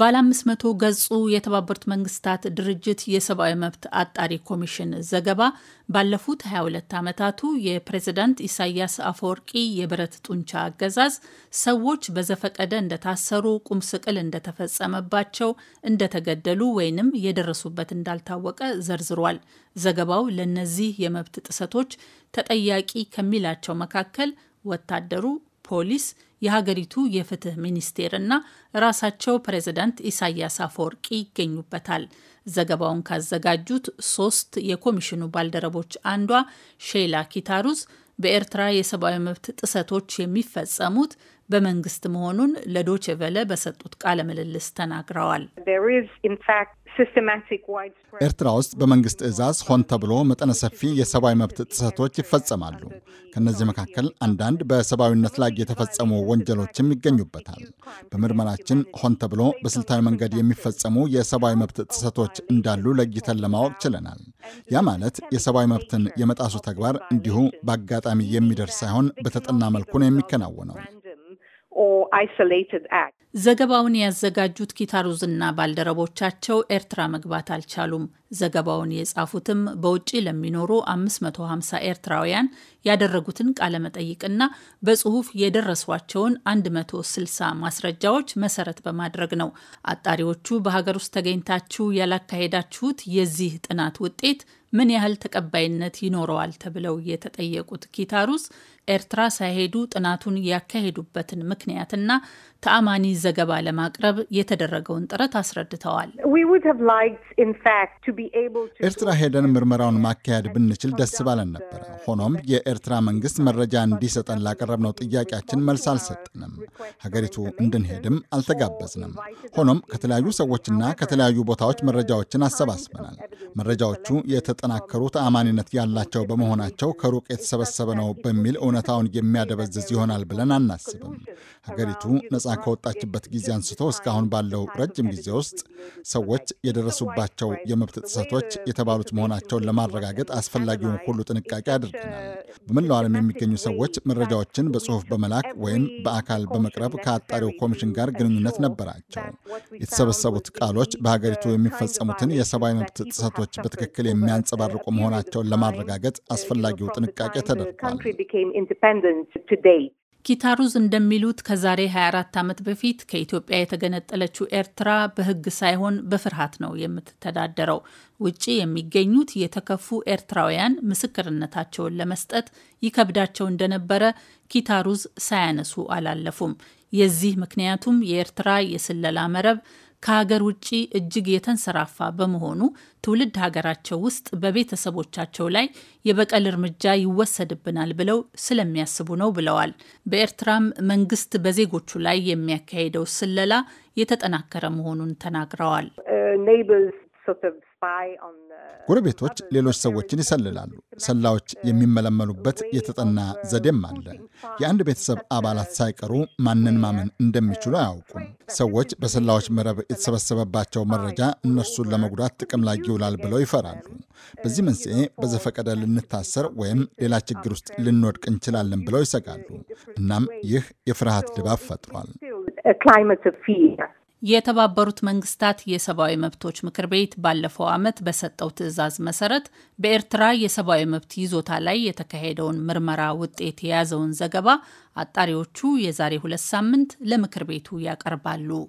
ባለ 500 ገጹ የተባበሩት መንግስታት ድርጅት የሰብአዊ መብት አጣሪ ኮሚሽን ዘገባ ባለፉት 22 ዓመታቱ የፕሬዝዳንት ኢሳያስ አፈወርቂ የብረት ጡንቻ አገዛዝ ሰዎች በዘፈቀደ እንደታሰሩ፣ ቁም ስቅል እንደተፈጸመባቸው፣ እንደተገደሉ ወይንም የደረሱበት እንዳልታወቀ ዘርዝሯል። ዘገባው ለእነዚህ የመብት ጥሰቶች ተጠያቂ ከሚላቸው መካከል ወታደሩ፣ ፖሊስ የሀገሪቱ የፍትህ ሚኒስቴርና ራሳቸው ፕሬዝዳንት ኢሳያስ አፈወርቂ ይገኙበታል። ዘገባውን ካዘጋጁት ሶስት የኮሚሽኑ ባልደረቦች አንዷ ሼላ ኪታሩዝ በኤርትራ የሰብአዊ መብት ጥሰቶች የሚፈጸሙት በመንግስት መሆኑን ለዶቼ በሰጡት ቃለ ምልልስ ተናግረዋል። ኤርትራ ውስጥ በመንግስት ትዕዛዝ ሆን ተብሎ መጠነ ሰፊ የሰብአዊ መብት ጥሰቶች ይፈጸማሉ። ከእነዚህ መካከል አንዳንድ በሰብአዊነት ላይ የተፈጸሙ ወንጀሎችም ይገኙበታል። በምርመራችን ሆን ተብሎ በስልታዊ መንገድ የሚፈጸሙ የሰብአዊ መብት ጥሰቶች እንዳሉ ለይተን ለማወቅ ችለናል። ያ ማለት የሰብአዊ መብትን የመጣሱ ተግባር እንዲሁ በአጋጣሚ የሚደርስ ሳይሆን በተጠና መልኩ ነው የሚከናወነው። ዘገባውን ያዘጋጁት ኪታሩዝና ባልደረቦቻቸው ኤርትራ መግባት አልቻሉም። ዘገባውን የጻፉትም በውጭ ለሚኖሩ 550 ኤርትራውያን ያደረጉትን ቃለመጠይቅና በጽሁፍ የደረሷቸውን 160 ማስረጃዎች መሰረት በማድረግ ነው። አጣሪዎቹ በሀገር ውስጥ ተገኝታችሁ ያላካሄዳችሁት የዚህ ጥናት ውጤት ምን ያህል ተቀባይነት ይኖረዋል ተብለው የተጠየቁት ኪታሩስ ኤርትራ ሳይሄዱ ጥናቱን ያካሄዱበትን ምክንያትና ተአማኒ ዘገባ ለማቅረብ የተደረገውን ጥረት አስረድተዋል። ኤርትራ ሄደን ምርመራውን ማካሄድ ብንችል ደስ ባለን ነበረ። ሆኖም የኤርትራ መንግስት መረጃ እንዲሰጠን ላቀረብነው ጥያቄያችን መልስ አልሰጠንም። ሀገሪቱ እንድንሄድም አልተጋበዝንም። ሆኖም ከተለያዩ ሰዎችና ከተለያዩ ቦታዎች መረጃዎችን አሰባስበናል። መረጃዎቹ የተ የተጠናከሩት አማኒነት ያላቸው በመሆናቸው ከሩቅ የተሰበሰበ ነው በሚል እውነታውን የሚያደበዝዝ ይሆናል ብለን አናስብም። ሀገሪቱ ነፃ ከወጣችበት ጊዜ አንስቶ እስካሁን ባለው ረጅም ጊዜ ውስጥ ሰዎች የደረሱባቸው የመብት ጥሰቶች የተባሉት መሆናቸውን ለማረጋገጥ አስፈላጊውን ሁሉ ጥንቃቄ አድርገናል። በመላው ዓለም የሚገኙ ሰዎች መረጃዎችን በጽሑፍ በመላክ ወይም በአካል በመቅረብ ከአጣሪው ኮሚሽን ጋር ግንኙነት ነበራቸው። የተሰበሰቡት ቃሎች በሀገሪቱ የሚፈጸሙትን የሰብአዊ መብት ጥሰቶች በትክክል የሚያንጸባርቁ መሆናቸውን ለማረጋገጥ አስፈላጊው ጥንቃቄ ተደርጓል። ኪታሩዝ እንደሚሉት ከዛሬ 24 ዓመት በፊት ከኢትዮጵያ የተገነጠለችው ኤርትራ በሕግ ሳይሆን በፍርሃት ነው የምትተዳደረው። ውጭ የሚገኙት የተከፉ ኤርትራውያን ምስክርነታቸውን ለመስጠት ይከብዳቸው እንደነበረ ኪታሩዝ ሳያነሱ አላለፉም። የዚህ ምክንያቱም የኤርትራ የስለላ መረብ ከሀገር ውጭ እጅግ የተንሰራፋ በመሆኑ ትውልድ ሀገራቸው ውስጥ በቤተሰቦቻቸው ላይ የበቀል እርምጃ ይወሰድብናል ብለው ስለሚያስቡ ነው ብለዋል። በኤርትራም መንግስት በዜጎቹ ላይ የሚያካሄደው ስለላ የተጠናከረ መሆኑን ተናግረዋል። uh, ጎረቤቶች ሌሎች ሰዎችን ይሰልላሉ። ሰላዎች የሚመለመሉበት የተጠና ዘዴም አለ። የአንድ ቤተሰብ አባላት ሳይቀሩ ማንን ማመን እንደሚችሉ አያውቁም። ሰዎች በሰላዎች መረብ የተሰበሰበባቸው መረጃ እነርሱን ለመጉዳት ጥቅም ላይ ይውላል ብለው ይፈራሉ። በዚህ መንስኤ በዘፈቀደ ልንታሰር ወይም ሌላ ችግር ውስጥ ልንወድቅ እንችላለን ብለው ይሰጋሉ። እናም ይህ የፍርሃት ድባብ ፈጥሯል። የተባበሩት መንግስታት የሰብአዊ መብቶች ምክር ቤት ባለፈው ዓመት በሰጠው ትዕዛዝ መሰረት በኤርትራ የሰብአዊ መብት ይዞታ ላይ የተካሄደውን ምርመራ ውጤት የያዘውን ዘገባ አጣሪዎቹ የዛሬ ሁለት ሳምንት ለምክር ቤቱ ያቀርባሉ።